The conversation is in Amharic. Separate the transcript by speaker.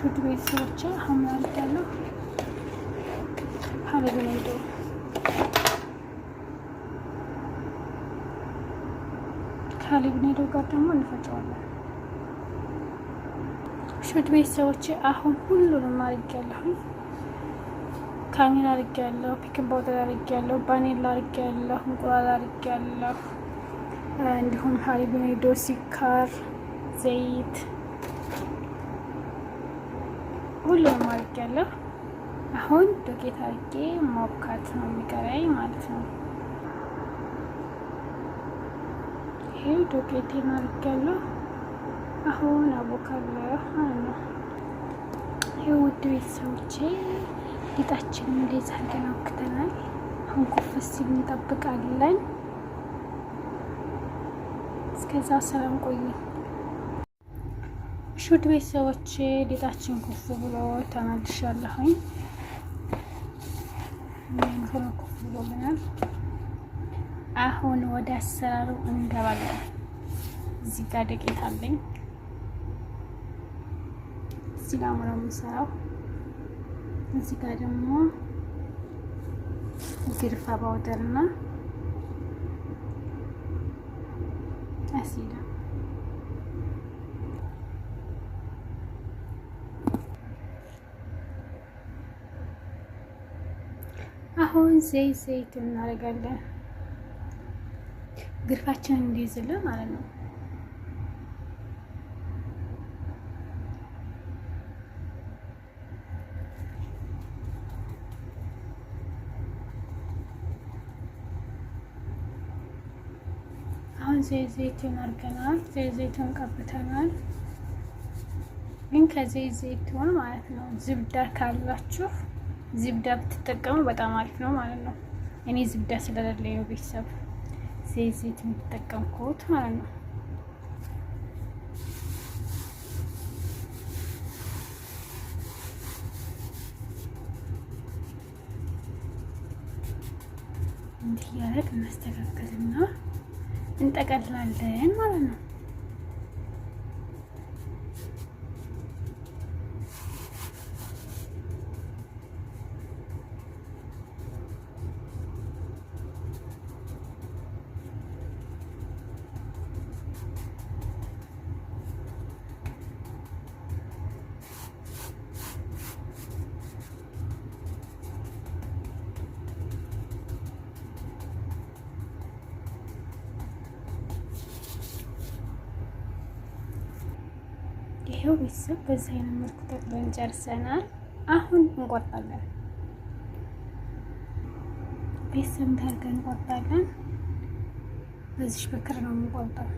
Speaker 1: እሺ ውድ ቤተሰቦቼ አሁን አድርጋለሁ ሀበብ ነው ጋር ደግሞ እንፈጫዋለን። ሹት ቤተሰቦቼ አሁን ሁሉንም አድርጊያለሁ። ካሜራ አድርጊያለሁ፣ ፒክን ፓውደር አድርጊያለሁ፣ ባኔላ አድርጊያለሁ፣ እንቁላል አድርጊያለሁ፣ እንዲሁም ሀሊብኔዶ፣ ሲካር ዘይት ሁሉንም አድርጊያለሁ። አሁን ዱቄት አድርጌ ማቡካት ነው የሚቀረኝ ማለት ነው። ይሄ ዱቄቴን አድርጊያለሁ። አሁን አቦካለሁ ማለት ነው። ይሄ ውድ ቤተሰቦቼ ሊጣችን እንደዛ አድርገን አብክተናል። አሁን ኮፈስ ሲል እንጠብቃለን። እስከዛ ሰላም ቆዩ። ሹድ ቤተሰቦች ሰዎች ኩፍ ብሎ ተናድሻለሁኝ። ይህን ሁሉ ኩፍ ብናል። አሁን ወደ አሰራሩ እንገባለን። እዚህ ጋር ደቂት አለኝ። እዚህ ጋር ነው የምሰራው። እዚህ ጋር ደግሞ ግርፋ ባውደርና አሲዳ አሁን ዘይት ዘይት እናደርጋለን። ግርፋችንን እንዲይዝልን ማለት ነው። አሁን ዘይት ዘይቱን አድርገናል። ዘይት ዘይቱን ቀብተናል። ግን ከዘይት ዘይቱን ማለት ነው ዝብዳ ካሏችሁ ዝብዳ ብትጠቀሙ በጣም አሪፍ ነው ማለት ነው። እኔ ዝብዳ ስለሌለኝ ነው ቤተሰብ ዘይት የምትጠቀምኩት ማለት ነው። እንዲህ ያደረግ እናስተካከልና እንጠቀላለን ማለት ነው። ይሄው ቤተሰብ በዚህ አይነት መልኩ ጠቅለን ጨርሰናል። አሁን እንቆርጣለን። ቤተሰብ ታርገን እንቆርጣለን። በዚሽ በክር ነው የምንቆርጠው።